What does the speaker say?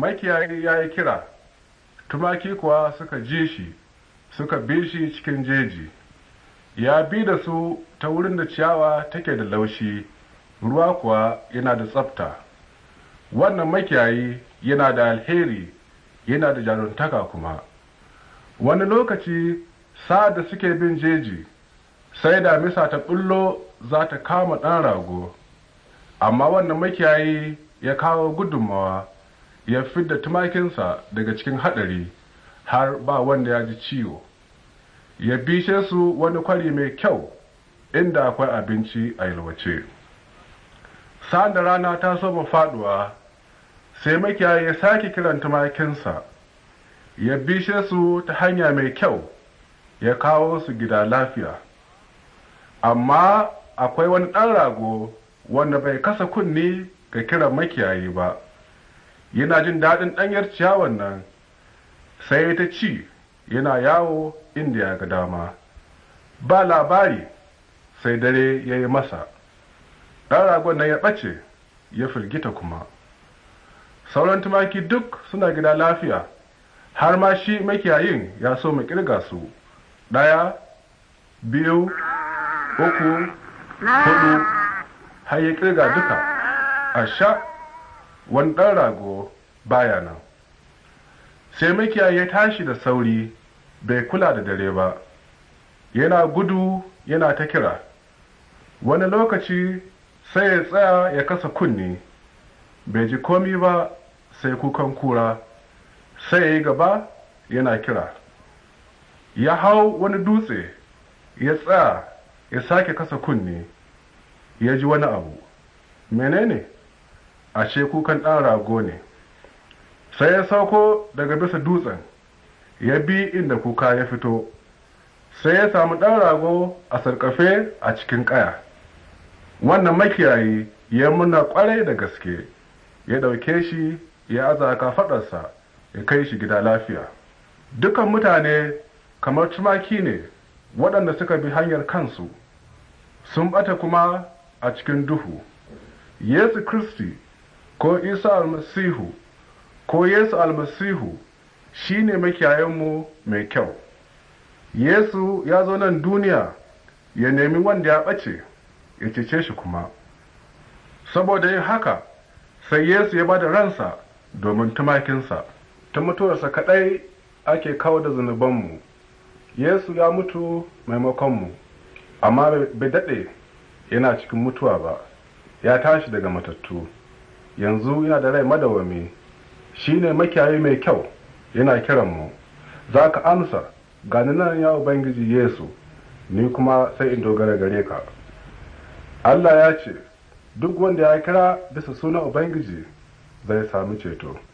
makiyayi ya yi kira tumaki kuwa suka ji shi suka bi shi cikin jeji ya bi da su ta wurin da ciyawa take da laushi ruwa kuwa yana da tsafta wannan makiyayi yana da alheri yana da jaruntaka kuma wani lokaci sa da suke bin jeji sai da misa ta bullo za ta kama ɗan rago amma wannan makiyayi ya kawo gudunmawa ya fi da tumakinsa daga cikin haɗari har ba wanda ya ji ciwo ya bishe su wani kwari mai kyau inda akwai abinci a yalwace sa'an da rana ta soma faduwa sai makiyayi ya sake kiran tumakinsa ya bishe su ta hanya mai kyau ya kawo su gida lafiya amma akwai wani ɗan rago wanda bai kasa kunni ga kiran makiyayi ba yana jin daɗin ɗanyar ciyawan nan sai ta ci yana yawo inda ya ga dama ba labari sai dare ya yi masa ɗan ragon nan ya ɓace ya firgita kuma sauran tumaki duk suna gida lafiya har ma shi makiyayin ya so mu ƙirga su ɗaya biyu uku hudu har ya ƙirga duka a sha wani ɗan rago baya nan sai makiya ya tashi da sauri bai kula da dare ba yana gudu yana ta kira wani lokaci sai ya tsaya ya kasa kunni bai ji komi ba sai kukan kura sai ya yi gaba yana kira ya hau wani dutse ya tsaya ya sake kasa kunni ya ji wani abu menene ashe kukan ɗan rago ne sai ya sauko daga bisa dutsen ya bi inda kuka ya fito sai ya samu ɗan rago a sarƙafe a cikin ƙaya wannan makiyayi ya muna ƙwarai da gaske ya ɗauke shi ya aza faɗarsa ya kai shi gida lafiya dukan mutane kamar tumaki ne waɗanda suka bi hanyar kansu sun ɓata kuma a cikin duhu yesu kristi ko isa almasihu ko yesu almasihu shi ne makiyayenmu mai kyau yesu ya zo nan duniya ya nemi wanda ya ɓace ya cece shi kuma saboda yin haka sai yesu ya ba da ransa domin tumakinsa ta mutuwarsa kaɗai ake kawo da zunubanmu yesu ya mutu maimakonmu amma bai daɗe yana cikin mutuwa ba ya tashi daga matattu yanzu yana da rai madawami shi ne makiyayi mai kyau yana kiran mu za ka amsa gani nan ya ubangiji yesu ni kuma sai in dogara gare ka allah ya ce duk wanda ya kira bisa sunan ubangiji zai sami ceto